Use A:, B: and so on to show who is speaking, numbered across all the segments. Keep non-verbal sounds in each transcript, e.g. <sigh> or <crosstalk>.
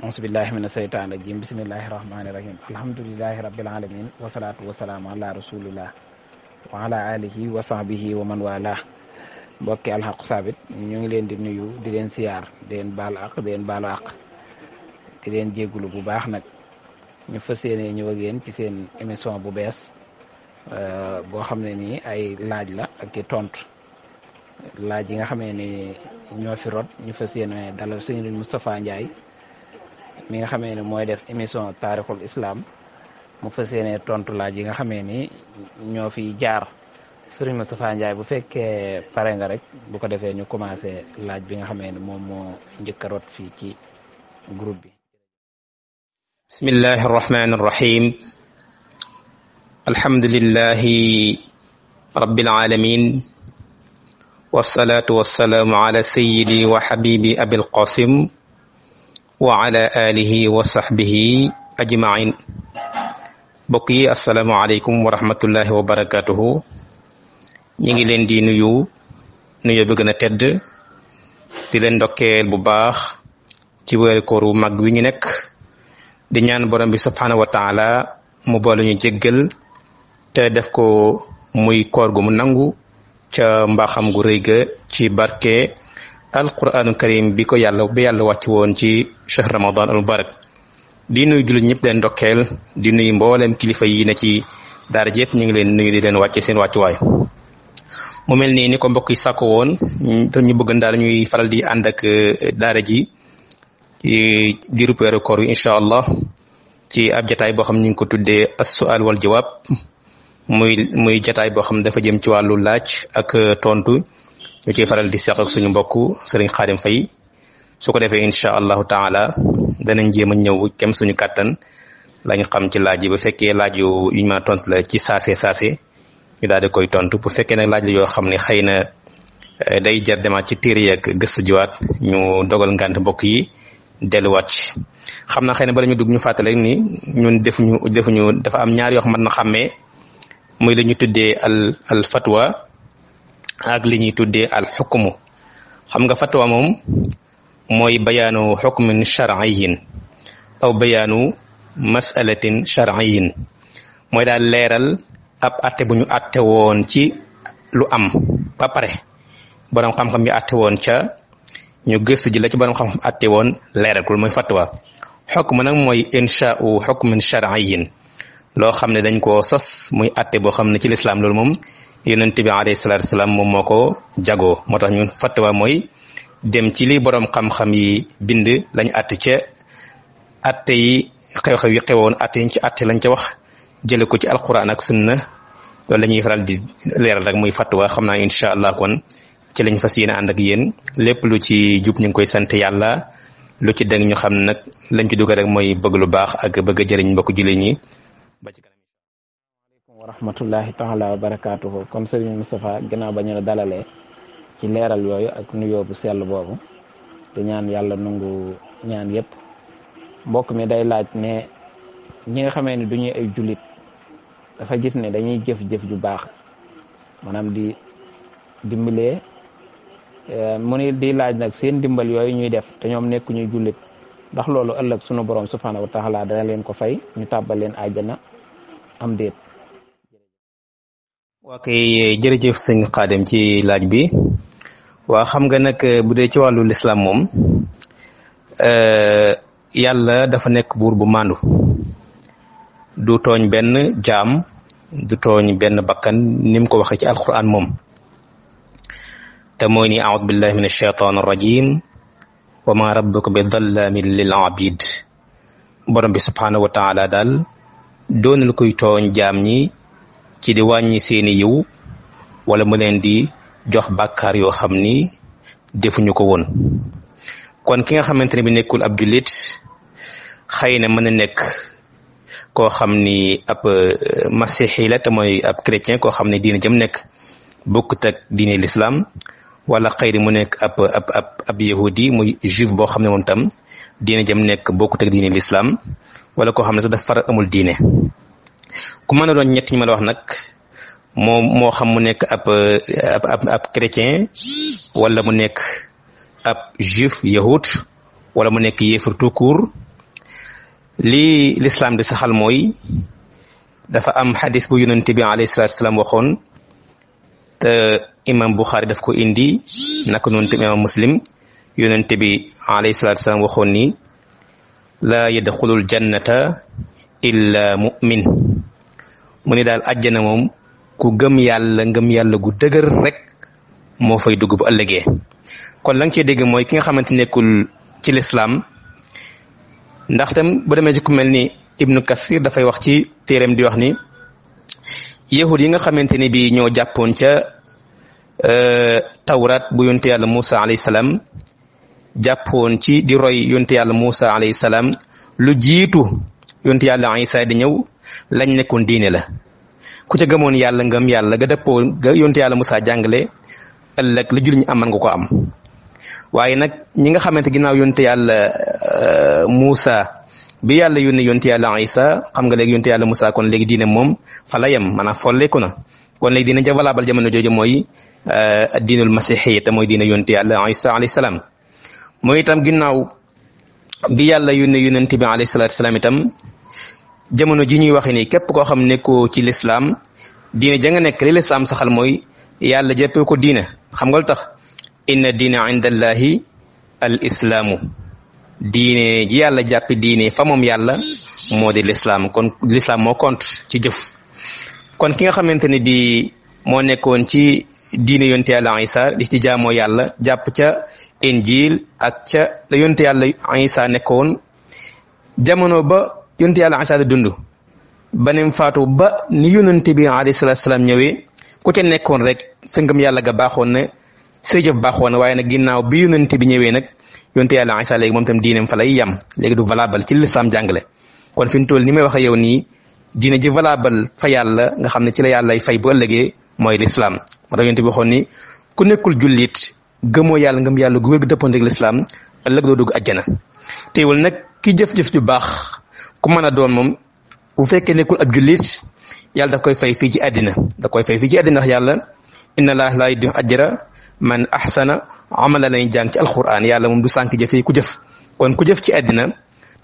A: asubillahi mina seytaan rajim bisimillahi rahmani rahim alhamdulilahi rabbil alamin wasalaatu wasalaamu ala rasulillah wa ala alihi wa sahbihi wa man wala mbokki alxaqu saabit ñu ngi leen di nuyu di leen siyaar di leen baalu àq di leen baalu àq bu baax nag ñu fas yéene ñëw ak ci seen émission bu bees euh, boo xam ne nii ay laaj la ak tont tontu laaj yi nga xam ne ni ñoo fi ñu fas yéene dalal sëñ Moustapha Ndiaye mi nga xamee ni mooy def émission taarixul islam mu fas yéene tontu laaj yi nga xamee ni ñoo fi jaar Serigne Moustapha Ndiaye bu fekkee pare nga rek bu ko defee ñu commencé laaj bi nga xamee ni moom moo njëkk a rot fii ci
B: groupe bi bismillahi arrahmani arrahim alhamdulillahi rabbil alamin والصلاة والسلام على سيدي وحبيبي أبي القاسم wa ala alihi wa sahbihi ajmain mbokk yi asalaamaaleykum wa rahmatullahi wa barakatuhu ñu ngi leen di nuyu nuyu bi gën a tedd di leen ndokkeel bu baax ci weeru koor wu mag wi ñu nekk di ñaan borom bi subhaanahu wa taala mu boole ñu te def ko muy koor gu mu nangu ca mbaxam gu rëy ci barke alquranu karim bi ko yàlla bi yàlla wàcc woon ci shahr ramadan al di nuyu jullit ñëpp leen ndokkeel di nuyu mbooleem kilifa yi na ci daara yëpp ñu ngi leen nuyu di leen wàcce seen wàccuwaay mu mel ni ni ko mbokk yi sàkko woon te ñu bëgg daal ñuy faral di ànd ak eh, daara ji ci diirub weeru koor yi incha allah ci ab jataay boo xam ñu ngi ko tuddee as-su'al wal jawaab muy muy jataay boo xam dafa jëm ci wàllu laaj ak eh, tontu ñu ciy faral di seq suñu mbokk sëriñ Xaadim Fay su ko defee incha allahu taala danañ jéem a ñëw kem suñu kàttan lañ xam ci laaj yi bu fekkee laaj yu yuñ ma tontu la ci saase saase ñu daal di koy tontu bu fekkee nag laaj la yoo xam ne xëy na eh, day jar demaat ci téere yeeg gëstu jiwaat ñu dogal ngant mbokk yi delluwaat xam na xëy na bala ñu dugg ñu fàttale ni ñun defuñu defuñu dafa am ñaar yoo xam mën na xàmmee muy la tuddee al al fatwa ak li ñuy tuddee al xukmu xam nga fatwa moom mooy bayaanu xukmin charayin aw bayaanu masalatin charayin mooy daal leeral ab atte bu ñu atte woon ci lu am ba pare borom xam-xam yi atte woon ca ñu gëstu ji la ci borom xam-xam atte woon leeral ko mooy fatwa xukm nag mooy inchaau xukmin charayin loo xam ne dañ ko sos muy atte boo xam ne ci lislaam loolu moom yonent bi alayhi salaatu salaam moom moo ko jago moo tax ñun fatwa mooy dem ci li borom xam-xam yi bind lañ at ca àtte yi xew-xew yi xewoon àtte yi ci lañ ca wax jële ko ci alquran ak sunna na la ñuy faral di leeral rek muy fatwa xam naa incha allah kon ci lañ fas yéene ànd ak yéen lépp lu ci jub ñu ngi koy sant yàlla lu ci dëng ñu xam nag lañ ci dugal rek mooy bëgg lu baax ak bëgg a jëriñ mbokk jullit ñi
A: wa rahmatullahi taala wa barakaatuhu kon sëriñ Moustapha ginnaaw ba ñu la dalalee ci leeral yooyu ak nuyoo bu sell boobu te ñaan yàlla nungu ñaan yépp mbokk mi day laaj ne ñi nga xamee ni du ñuy ay jullit dafa gis ni dañuy jëf ju baax maanaam di dimbalee eh, mu ni di laaj nag seen dimbal yooyu ñuy def te ñoom nekk ñuy jullit ndax loolu ëllëg sunu borom subhanahu wa taala dana leen ko fay ñu tàbbal leen àjjana am déet
B: waa kay jërëjëf sëñ Xaadim ci laaj bi waa xam nga nag eh, bu dee ci wàllu lislaam moom eh, yàlla dafa nekk buur bu màndu du tooñ benn jaam du tooñ benn bakkan ni ko waxee ci alquran moom te mooy ni aud billahi min alcheitan arrajim wa ma rabbuka bi dallamin lil abid borom bi subhanahu wa taala daal doonal koy tooñ jaam ñi ci di wàññi seeni yiw wala mu leen di jox bàkkaar yoo xam ni defuñu ko woon kon ki nga xamante ne bi nekkul ab jullit xëy na mën na nekk koo xam ni ab euh, masihi la te mooy ab chrétien koo xam ne diine jam nekk bokkut ak diine l'islam wala xëy mu nekk ab ab ab ab yahudi muy boo xam ne moom tam diine jëm nekk bokkut ak diine wala koo xam ne sax dafa far amul diine ku mën a doon ñett ñi ma la wax nag moo moo xam mu nekk ab ab ab chrétien wala mu nekk ab juif yahut wala mu nekk yéefar tout court li l'islam di saxal mooy dafa am xadis bu yonent bi alayhi salatu salaam waxoon te imam Bukhari daf ko indi naka noonu te imam muslim yonent bi alayhi salatu salaam waxoon ni la yadkhulul jannata illa mu'min mu ni daal àjjana moom ku gëm yàlla ngëm yàlla gu dëgër rek moo fay dugg bu ëllëgee kon la nga dégg mooy ki nga xamante nekkul ci lislaam ndax tam demee ci ku mel ni ibnu kasir dafay wax ci téeréem di wax ni yahud yi nga xamante ni bi ñoo jàppoon ca euh, tawrat bu yonte yàlla Muusa alayhi salaam jàppoon ci di roy yonte yàlla Muusa alayhi salaam lu jiitu yonte yàlla Isa di ñëw lañ nekkoon diine la ku ca gëmoon yàlla ngëm yàlla ga dëppoo ga yonte yàlla Musaa jàngale ëllëg lu jul ñu nga ko am waaye nag ñi nga xamante ginnaaw yonte yàlla euh, Musaa bi yàlla yónni yonte yàlla Isa xam nga léegi yonte yàlla Musaa kon léegi diine moom fa la yem maanaam folleeku na kon léegi diine ja valable jamono jooju mooy euh, diinul masixiya te mooy diine yonte yàlla Isa alayhi salaam mooy itam ginnaaw bi yàlla yónni yonente bi alayhi salaatu salaam itam jamono ji ñuy waxee nii képp koo xam nekkoo ci lislaam diine ja nga nekk li lislaam saxal mooy yàlla jëppee ko diine xam nga lu tax inna diina inda allahi al diine ji yàlla jàpp diine fa moom yàlla moo di lislaam kon lislaam moo compte ci jëf kon ki nga xamante ne bi moo nekkoon ci diine yonte yàlla isa di ci jaamoo yàlla jàpp ca injil ak ca la yonte yàlla isa nekkoon jamono ba yonent yàlla Iisaa dund ba nim faatu ba ni yonent bi alayhi salaatu salaam ñëwee ku ca nekkoon rek sa ngëm yàlla ga baaxoon na say jëf baaxoon na waaye nag ginnaaw bi yonent bi ñëwee nag yonent yàlla Iisaa léegi moom tam diineem fa lay yam léegi du valable ci lislaam jàngale kon fi mu toll ni may wax ak yow nii diine ji valable fa yàlla nga xam ne ci la yàllay fay bu ëllëgee mooy lislaam moo tax yonent bi waxoon ni ku nekkul jullit gëmoo yàlla ngëm yàlla gu wér gu dëppoon rek lislaam ëllëg doo dugg àjjana teewul nag ki jëf-jëf ju baax ku mën a doon moom bu fekkee nekkul ab jullit yàlla daf koy fay fii ci àddina da koy fay fii ci àddina ndax yàlla inna laaha laa yudii'u ajra man ahsana amala lañ jàng ci alquran yàlla moom du sànq jëf yi ku jëf kon ku jëf ci àddina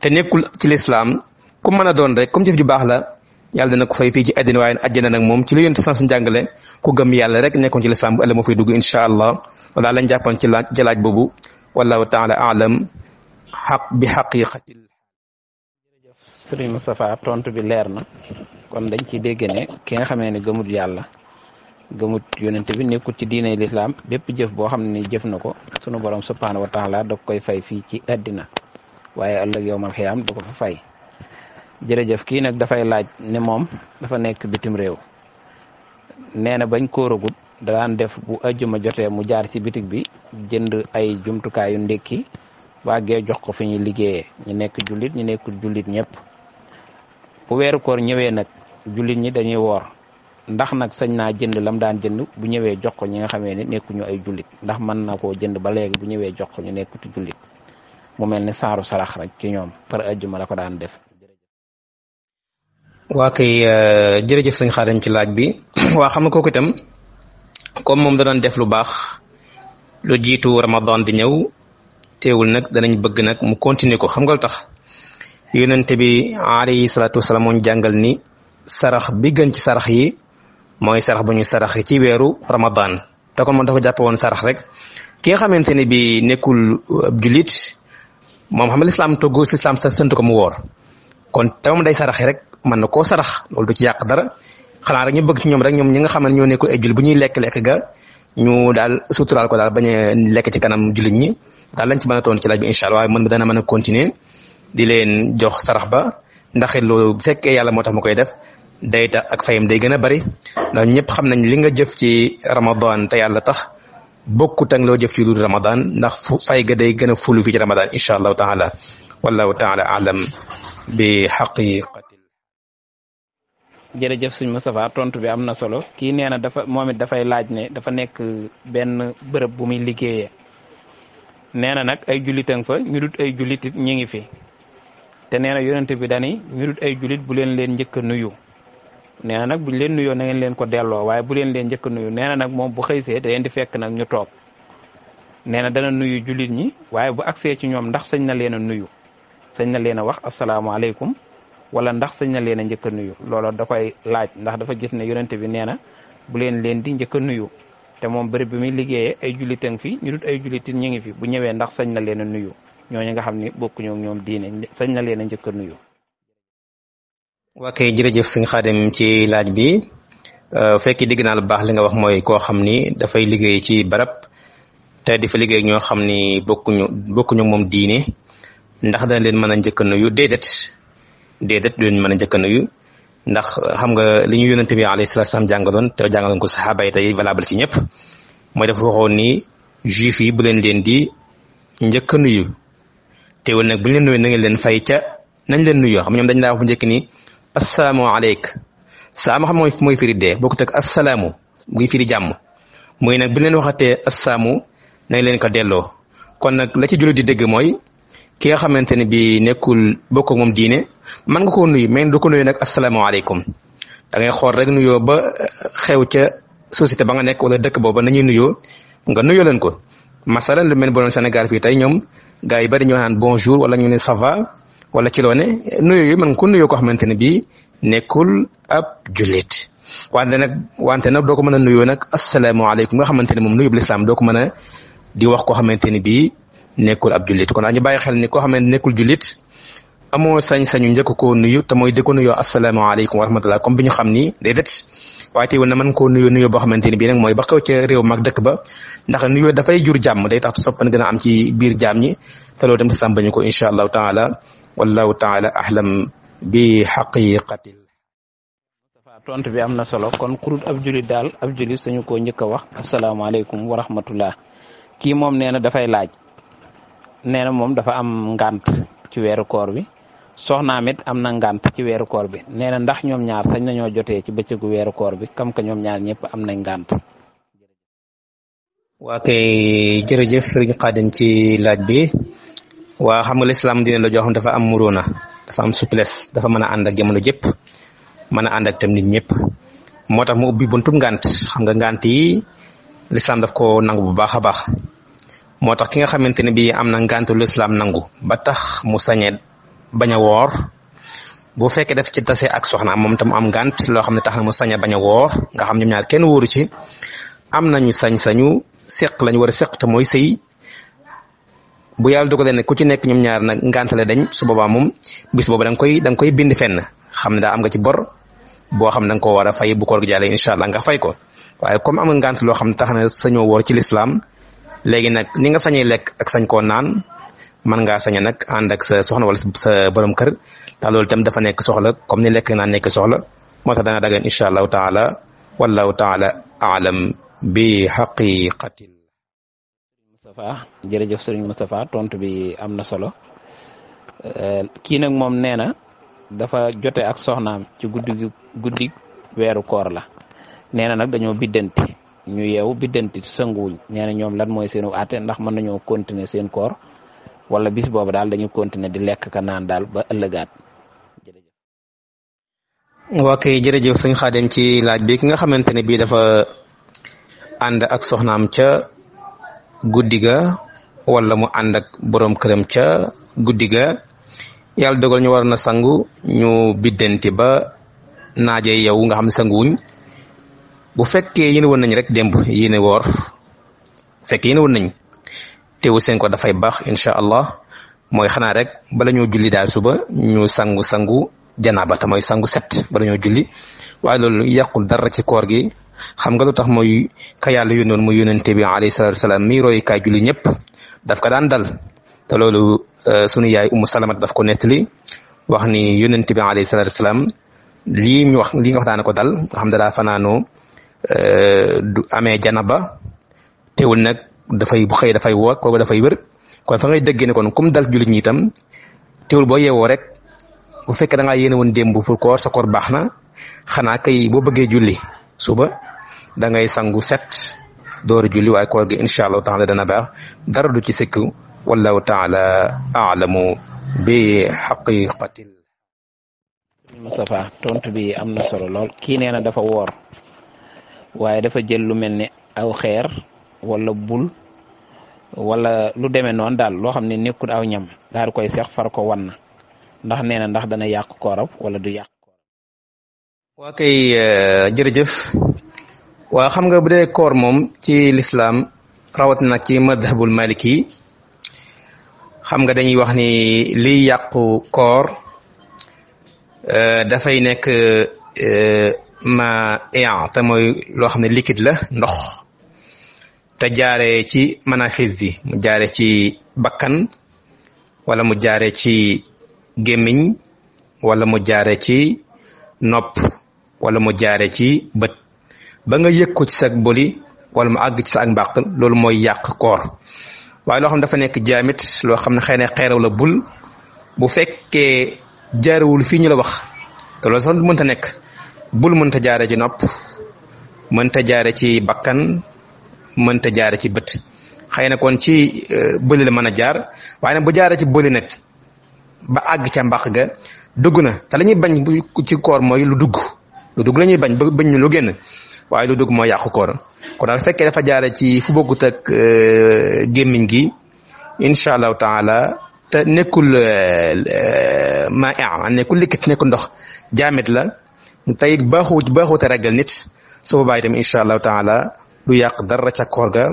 B: te nekkul ci lislaam ku mën a doon rek comme jëf ju baax la yàlla dana ko fay fii ci àddina waaye àjjana nag moom ci la yonent sans njàngale ku gëm yàlla rek nekkoon ci lislaam bu ëllëg moo fay dugg incha allah wala lañ jàppoon ci laaj ci laaj boobu wallahu taala alam xaq bi xaqiqatil
A: Sëriñ Moustapha tontu bi leer na kon dañ ci dégg ne ki nga xamee ne gëmut yàlla gëmut yonent bi nekkut ci diiney lislaam bépp jëf boo xam ne jëf na ko sunu boroom subhaanahu wa taala da koy fay fii ci addina waaye ëllëg yowmal xiyaam da ko fa fay jërëjëf kii nag dafay laaj ne moom dafa nekk bitim réew nee na bañ kóoragut da daan def bu ajjuma jotee mu jaar ci bitik bi jënd ay jumtukaayu ndékki waagee jox ko fi ñuy liggéeyee ñu nekk julit ñu nekkul jullit ñëpp bu weeru koor ñëwee nag julit ñi dañuy woor ndax nag sañ naa jënd lam daan jënd bu ñëwee jox ko ñi nga xamee ne nekkuñu ay jullit ndax mën na koo jënd ba léegi bu ñëwee jox ko ñu nekkutu jullit mu mel ni saaru sarax rek ci ñoom par ajjuma la ko daan def.
B: waa kay euh, jërëjëf sëñ Xaadim ci laaj bi <clears throat> waa xam nga kooku itam comme moom da def lu baax lu jiitu Ramadan di ñëw teewul nag danañ bëgg nag mu continuer ko xam nga lu tax. yonent bi alayhi salatu wassalam jangal ni sarax bi gën ci sarax yi moy sarax bu sarax ci ramadan te kon moom dafa japp won sarax rek ki xamanteni bi nekul euh, julit mom xam go l'islam sa sant ko mu wor kon tamam day sarax rek man ko sarax lol du ci yak dara xala rek ñu bëgg ci ñom rek ñom ñi nga xam ne ñoo nekkul ay jul bu ñuy lek ga ñu dal sutural ko dal baña lek ci kanam julit ñi dal lañ ci mëna ton ci laj bi inshallah allah dana mëna continuer di leen jox sarax ba ndax it loolu bu yàlla moo tax ma koy def day ta ak fayam day gën a bari ndax ñëpp xam nañ li nga jëf ci ramadan te yàlla tax bokkut ak loo jëf ci lu dul ramadan ndax fu fay ga day gën a fulu fii ci ramadan incha allahu taala wallahu taala alam bi xaqiqati
A: jërëjëf suñ tontu bi am na solo kii nee na dafa moom dafay laaj ne dafa nekk benn bërëb bu muy liggéeyee nee na nag ay jullitang fa ñu dut ay jullitit ñi ngi fi te nee na yonent bi dani mirut ay julit bu leen leen njëkk a nuyu nee na nag leen nuyoo na ngeen leen ko delloo waaye bu leen leen njëkk a nuyu nee nag moom bu xëysee da leen di fekk nag ñu toog nee na dana nuyu jullit ñi waaye bu agsee ci ñoom ndax sañ na leen a nuyu sañ na leen a wax asalaamaaleykum wala ndax sañ na leen a njëkk a nuyu loolu da koy laaj ndax dafa gis ne yonent bi nee na bu leen leen di njëkk a nuyu te moom bërëb bi muy liggéeyee ay jullit a ngi fi ñu dut ay jullit ñu ngi fi bu ñëwee ndax sañ na leen a nuyu ñooñu nga xam ni bokkuñu ak ñoom diine sañ na leen a njëkk a nuyu.
B: waa kay jërëjëf sëñ Xaadim ci laaj bi euh, fekk dégg naa lu baax li nga wax mooy koo xam ni dafay liggéey ci barab te di fa liggéey ñoo xam ni bokkuñu bokkuñu moom diine ndax dana leen mën a njëkk a nuyu déedéet déedéet du leen mën a njëkka a nuyu ndax xam nga li ñu yonente bi alayhi salaatu salaam jàngaloon te jàngaloon ko saxaaba yi tey valable ci ñëpp mooy dafa waxoon juif yi bu leen leen di njëkk nuyu teewul nag bu ñu leen nuyoo na ngeen leen fay ca nañ leen nuyoo xam ñoom dañ laa wax bu njëkk ni assalaamu aleyk saa ma xam mooy mooy boo ko bokkut ak assalaamu muy firi jàmm muy nag bu leen waxatee assaamu nañ leen ko delloo kon nag la ci jullit di dégg mooy ki nga xamante ne bi nekkul bokk moom diine mën nga ko nuyu mais du ko nuyu nag asalaamaaleykum da dangay xool rek nuyoo ba eh, xew ca société ba nga nekk wala dëkk booba nañuy nuyoo nga nuyoo leen ko masalan lu mel ne Sénégal fii tey ñoom gaa yi bari ñu naan bonjour wala ñu ne ça wala ci loo ne nuyu yooyu mën ko nuyoo koo xamante ne bii nekkul ab jullit wante nag wante nag doo ko mën a nuyoo nag asalaamaaleykum nga xamante ne moom nuyu bu lislaam doo ko mën a di wax koo xamante ne bii nekkul ab jullit kon dañu bàyyi xel ne koo xamante nekkul jullit amoo sañ-sañu njëkk koo nuyu te mooy di ko nuyoo asalaamaaleykum wa rahmatullah comme bi ñu xam ni déedéet waaye teewul na mën koo nuyoo nuyoo boo xamante ne bii nag mooy ba xew ca réew mag dëkk ba ndax nuyoo dafay jur jàmm day tax soppane gën a am ci biir jaam ñi te loolu tamit sàmm bañu ko incha allahu taala wallahu taala ahlam bi xaqiqatil
A: Moustapha tontu bi am na solo kon kurut ab juli daal ab juli suñu koo njëkk a wax asalaamaaleykum wa rahmatullah kii moom nee na dafay laaj nee na moom dafa am ngant ci weeru koor bi soxnaam it am na ngant ci weeru koor bi nee na ndax ñoom ñaar sañ nañoo jotee ci bëccëgu weeru koor bi kam ka ñoom ñaar ñëpp am nañ ngant
B: waa kay jërëjëf sëriñ xaadim ci laaj bi waa xam nga lislaam dina la joxam dafa am muruna dafa am souplesse dafa mën a ànd ak jamono jëpp mën a ànd ak tam nit ñëpp moo tax mu ubbi buntum ngant xam nga ngant yi lislaam daf nangu bu baax a baax moo tax ki nga xamante ne bi am na ngantu lislaam nangu ba tax mu sañe bañ a woor bu fekkee daf ci tase ak soxna moom tam am ngant loo xam ne tax na mu sañ a bañ a woor nga xam ñoom ñaar kenn wóoru ci am nañu sañ-sañu seq lañ war a seq te mooy sëy bu yàlla dogalee ne ku ci nekk ñoom ñaar nag ngantale dañ su boobaa moom bis boobu da koy da nga bind fenn xam ne daa am nga ci bor boo xam ne da nga koo war a fay bu koor gi jàllee incha allah nga fay ko waaye comme am nga loo xam ne tax na sañoo woor ci lislaam léegi nag ni nga sañee lekk ak sañ koo naan mën ngaa sañe nag ànd ak sa soxna wala sa borom kër ndax loolu itam dafa nekk soxla comme ni lekk naan nekk soxla moo tax alam bi xaqiqatin
A: Moustapha jërëjëf sëriñ Moustapha tontu bi am na solo euh, kii nag moom nee na dafa jote ak soxnaam ci guddi guddi weeru koor la nee na nag dañoo biddanti ñu yeewu biddanti sënguwuñ nee na ñoom lan mooy seen àtte ndax mën nañoo continuer seen koor wala bis boobu daal dañu continuer di lekk ka naan daal ba ëllëgaat
B: jërëjëf waa kay jërëjëf sëñ Xaadim ci laaj bi ki nga xamante ne dafa Anda ak soxnam ca guddiga wala mu ànd ak borom kërëm ca guddiga ga dogal ñu war na sangu ñu bidenti ba naaje yow nga xam sanguwuñ bu fekkee yéen won nañ rek démb yéen woor fekk yéen won nañ teewu senko da fay bax insha allah moy xana rek bala ñoo julli da suba ñu sangu sangu ta moy sangu set bala ñoo julli waaye lolu yaqul ci koor gi xam nga lu tax mooy ka yàlla yónnoon mu yónente bi alayhi salaatu salaam mi roy kaay julli ñëpp daf ko daan dal te loolu euh, sunu yaay umu salamat daf ko nettali wax ni yónente bi alayhi salaatu salaam lii ñu wax lii nga wax daana ko dal nga xam ne daa fanaanoo euh, du amee janaba teewul nag dafay bu xëy dafay woor kooku dafay wér kon fa ngay déggee ne comme dal jullit ñi itam teewul boo yeewoo rek bu fekkee da yéene woon démb pour koor baax na xanaa kay boo bëggee julli suba da ngay sangu set door julli waaye koor gi incha allahu dana baax dara du ci sikk wallahu taala aalamu bi xaqiqatil
A: Moustapha tontu bi am na solo lool kii nee na dafa woor waaye dafa jël lu mel ni aw xeer wala bul wala lu demee noonu daal loo xam ne nekkul aw ñam daal koy seex far ko wan na ndax nee na ndax dana yàq kooram wala du yàq kooram
B: waa kay euh, jërëjëf waaw xam nga bu dee koor moom ci lislaam rawat nag ci madhabul maliki xam nga dañuy wax ni liy yàqu koor eh, dafay nekk eh, ma ian te mooy loo xam ne liquide la ndox te jaare ci manafis bi mu jaare ci bakkan wala mu jaare ci gémmiñ wala mu jaare ci nopp wala mu jaare ci bët ba nga yëg ko ci sa boli wala mu àgg ci sa ak mbàq loolu mooy yàq koor waaye loo xam ne dafa nekk jaamit loo xam ne xëy na xeeraw la bul bu fekkee jaarewul fii ñu la wax te loolu sax mënta nekk bul mënta jaare ci nopp mënta jaare ci bakkan mënta jaare ci bët xëy na kon ci euh, bëli la mën a jaar waaye nag bu jaare ci bëli nag ba àgg ca mbàq ga dugg na te lañuy bañ ci koor mooy lu dugg lu dugg la bañ ba bañ lu génn waaye lu dugg mooy yàqu koor kon daal fekkee dafa jaare ci fu bokkut ak euh, gémmiñ gi incha allahu taala te nekkul euh, euh, ma a nekkul likkit nekkul ndox jaamit la tey baaxu baaxute ragal nit su boobaa itam incha allahu taala lu yàq dara ca koor ga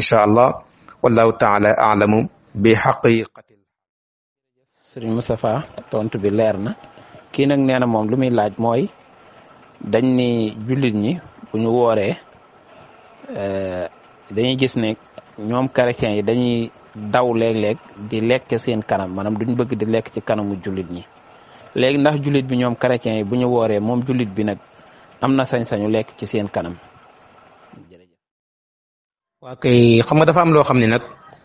B: incha allah wallahu taala alamu bi xaqiqatil
A: sëriñ Moustapha tontu bi leer na kii nag nee na moom lu muy laaj mooy dañ ni jullit ñi bu ñu wooree eh, dañuy gis ne ñoom chrétiens yi dañuy daw léeg-léeg di lekk seen kanam maanaam duñ bëgg di lekk ci kanamu jullit ñi léegi ndax jullit bi ñoom chrétiens yi bu ñu wooree moom jullit bi nag am na sañ-sañu lekk ci seen kanam.
B: waa kay xam nga dafa am loo xam ni nag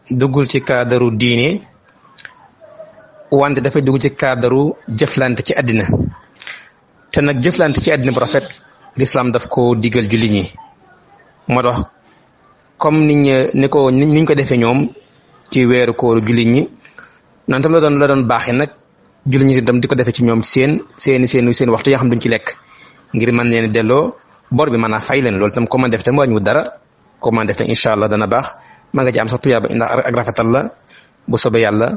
B: duggul ci kaadaru diine wante dafay dugg ci kaadaru jëflante ci àddina te nag jëflante ci àddina bu rafet lislaam daf ko digal julli ñi moo tax comme niñ ni ko niñ ko defee ñoom ci weeru kooru julli ñi nan tam la doon la doon baaxee nag julli ñi itam di ko defee ci ñoom seen seen seen seen waxtu yoo xam duñ ci lekk ngir mën leen delloo boor bi mën a fay leen loolu tam ko mën def tam wàññiwul dara ko mën def tam incha allah dana baax ma nga ci am sax tuyaaba ndax ak rafetal la bu soobee yàlla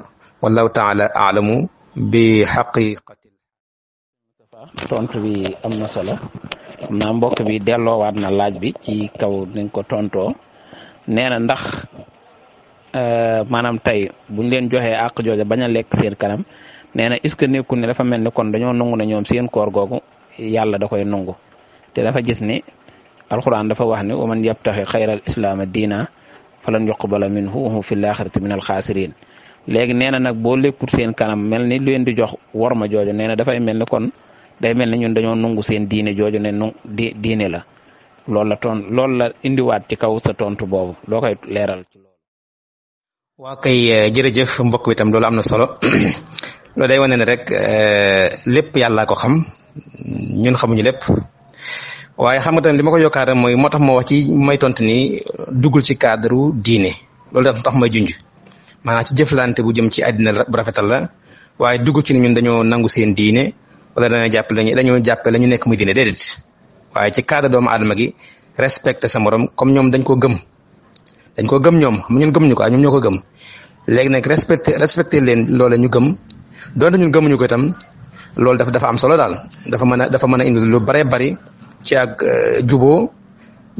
B: wallahu taala aalamu bi xaqiqati tontu bi am na solo
A: xam naa mbokk bi delloowaat na laaj bi ci kaw ni ko tontoo nee na ndax euh, maanaam tey buñ leen joxe àq jooja bañ a lekk seen kanam nee na est ce que nekkul ne dafa mel ni kon dañoo nangu ne ñoom seen koor googu yàlla da koy nangu te dafa gis ni alxuraan dafa wax ne wa man yabtaxi xayral a diina falan yuqbala minhu wa hum fi laaxirati min alxaasiriin léegi nee nag boo lekkul seen kanam mel ni lu leen di jox worma jooja nee dafay mel kon day mel ne ñun dañoo nungu seen diine jooju ne nu di diine la loolu la ton loolu la indiwaat ci kaw sa tontu boobu loo
B: koy leeral ci loolu. waa kay euh, jërëjëf mbokk bi tam loolu am na solo <clears throat> loolu day wane ne rek euh, lépp yàllaa ko xam ñun xamuñu lépp. waaye xam nga tamit li ma ko yokkaat mooy moo tax ma wax ci may tont ni duggul ci cadre diine loolu dafa tax may junj nga ci jëflante bu jëm ci àddina bu rafetal la waaye dugg ci ñun dañoo nangu seen diine wala dañoo jàppale ñu dañoo jàppale la ñu nekk muy diine déedéet waaye ci cadre doomu aadama gi respecté sa morom comme ñoom dañ ko gëm dañ ko gëm ñoom ñun gëm ñu ko ñoom ñoo ko gëm léegi nag respecté respecté leen loola ñu gëm doonte ñun gëmuñu ko itam loolu dafa dafa am solo daal dafa mën a dafa mën a indi lu bare bari ci ak euh, juboo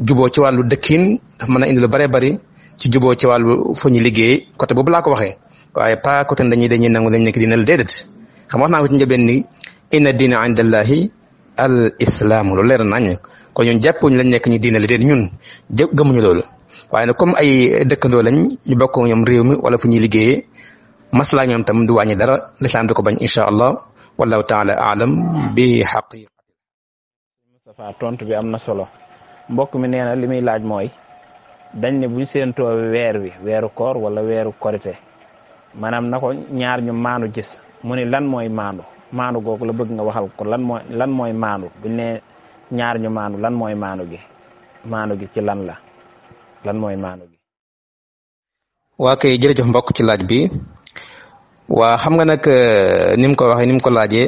B: juboo ci wàllu dëkkin dafa mën a indi lu bare bari ci juboo ci wàllu fu ñu liggéey côté boobu laa ko waxee waaye pas côté dañuy dañuy nangu dañ nekk dina la déedéet xam wax naa ko ci njëlbeen ni inna diina indallahi al islaam loolu leer nañ ko ñun jàppuñ lañ nekk ñu diina li déen ñun gëmuñu loolu waaye na comme ay dëkkandoo lañ ñu bokk ñoom réew mi wala fu ñuy liggéeyee maslaa ñoom tam du wàññi dara lislaam di ko bañ incha allah wallahu taala alam bi xaqiqa
A: Moustapha tontu bi am na solo mbokk mi nee na li muy laaj mooy dañ ne buñ too weer wi weeru koor wala weeru korite maanaam na ko ñaar ñu maandu gis mu lan mooy maandu maandu googu la bëgg nga waxal ko lan mooy lan mooy maandu buñ ne ñaar ñu maandu lan mooy maandu gi maandu gi ci lan la lan mooy maandu gi
B: waa kay jërëjëf mbokk ci laaj bi waa xam nga nag euh, ni mu ko waxee ni ko laajee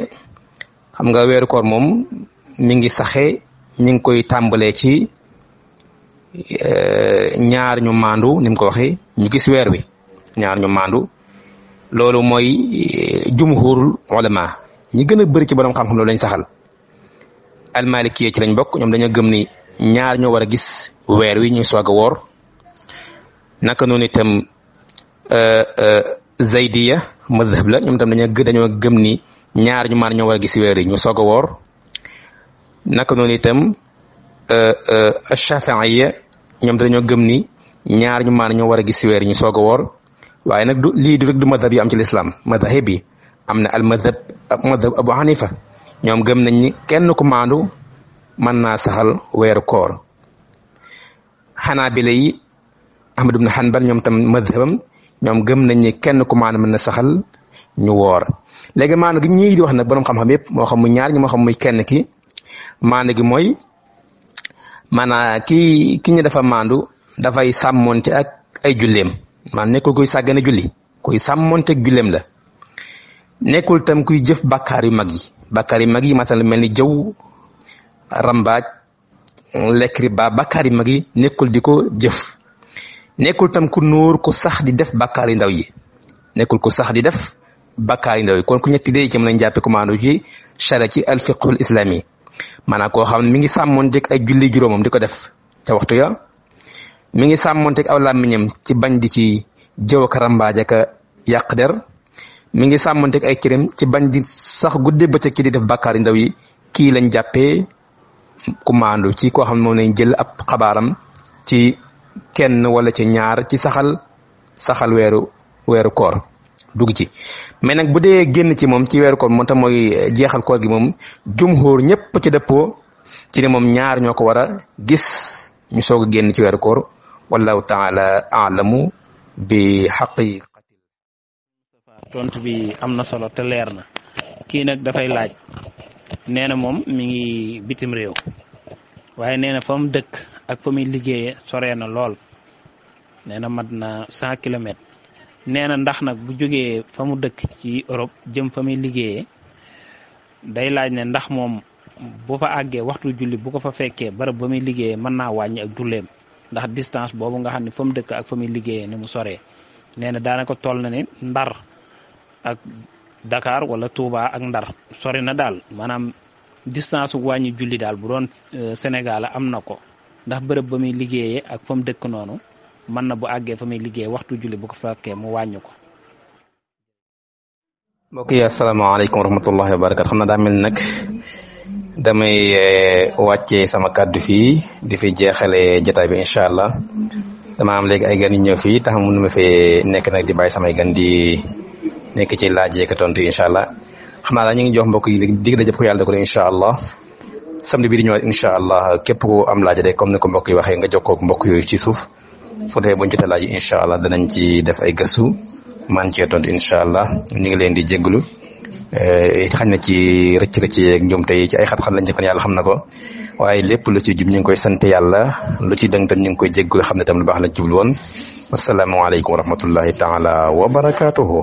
B: xam nga weeru koor moom mi ngi saxe ñi ngi koy tàmbalee ci euh, ñaar ñu maandu ni mu ko waxee ñu gis weer wi ñaar ñu maandu loolu mooy euh, jumhurul ulama ñi gën a bëri ci borom xam-xam loolu lañ saxal almalikiye ci lañ bokk ñoom dañoo gëm ni ñaar ñoo war a gis weer wi ñu soog a woor naka noonu itam zaydiya madhab la ñoom itam dañoo dañoo gëm ni ñaar ñu maan ñoo war a gis weer yi ñu soog a woor naka noonu itam shafaiya ñoom dañoo gëm ni ñaar ñu maan ñoo war a gis weer ñu soog a woor waaye nag du lii du rek du madhab yi am ci lislaam madhab yi am na al mazhab mazhab hanifa ñoom gëm nañ ni kenn ku maandu man naa saxal weeru koor xanaabila yi ahmad ibn hanbal ñoom tam mazhabam ñoom gëm nañ ni kenn ku maandu mën na saxal ñu woor léegi maandu gi ñii di wax nag borom xam-xam yëpp moo xam muy ñaar ñi moo xam muy kenn ki maandu gi mooy maanaam ki ki ñu dafa maandu dafay sàmmonte ak ay julleem maanaam nekkul kuy sàggane julli kuy sàmmonte ak julleem la nekkul tam kuy jëf bàkkaar yu mag yi bàkkaar yu mag yi matal mel ni jëw rambaaj lekk ba bàkkaar yu mag yi nekkul di ko jëf nekkul tam ku nóor ku sax di def bàkkaar yu ndaw yi nekkul ku sax di def bàkkaar yu ndaw yi kon ku ñetti day ci mën nañ jàppe commando ci chara ci alfiqul islami maanaam koo xam ne mi ngi sàmmoon jëkk ay julli juróomam di ko def ca waxtu ya mi ngi sàmmoon teg aw làmmiñam ci bañ di ci jëw ak rambaaj ak yàq der mi ngi sàmmanteek ay cëram ci bañ di sax guddee bëccëg ci di def bàkkaar yu ndaw yi kii lañ jàppee ku maandu ci koo xam ne moom lañ jël ab xabaaram ci kenn wala ci ñaar ci saxal saxal weeru weeru koor dugg ci mais nag bu dee génn ci moom ci weeru koor moo tax jeexal koor gi moom jumhur ñëpp ci dëppoo ci ne moom ñaar ñoo ko war a gis ñu soog a génn ci weeru koor wallahu taala alamu bi xaqi
A: tontu bi am na solo te leer na kii nag dafay laaj nee na moom mi ngi bitim réew waaye nee na fa mu dëkk ak fa muy liggéeyee soree na lool nee na mat na cent kilomètres nee na ndax nag bu jógee fa mu dëkk ci Europe jëm fa muy liggéeyee day laaj ne ndax moom bu fa àggee waxtu julli bu ko fa fekkee barab ba muy liggéeyee mën naa wàññi ak dulleem ndax distance boobu nga xam ne fa mu dëkk ak fa muy liggéeyee ni mu soree nee na daanaka toll na ne ndar ak Dakar wala Touba ak Ndar sori na daal maanaam distance wàññi julli daal bu doon euh, Sénégal am na ko ndax bërëb ba muy liggéeye ak fa mu dëkk noonu mën na bu àggee fa muy liggéey waxtu julli bu ko fekkee mu wàññi ko.
B: mbokk yi asalaamaaleykum wa rahmatullahi wa barakaatu xam na daa mel nag damay euh, wàccee sama kàddu fii di fi jeexale jotaay bi incha allah dama am léegi ay gan ñëw fii tax mun nu ma fee nekk nag di bàyyi samay gan di. nekk ci laaj yeeg tontu incha allah xam naa ñu ngi jox mbokk yi dig da jëpp ko yàlla ko incha allah samedi bii di ñëwaat incha allah képp ku am laaj rek comme ni ko mbokk yi waxee nga jokkoo ak yooyu ci suuf fu tee buñ jotee laaj yi incha allah danañ ci def ay gëstu man cee tontu incha allah ñu ngi leen di jégalu eh, xañ na ci rëcc rëcc yeeg ñoom tey ci ay xat-xat la ci kon yàlla xam na ko waaye lépp lu ci jub ñu ngi koy sant yàlla lu ci dëng tam ñu ngi koy jégalu xam ne tam lu baax lañ jublu woon wasalaamaaleykum wa rahmatullahi taala wa barakaatuhu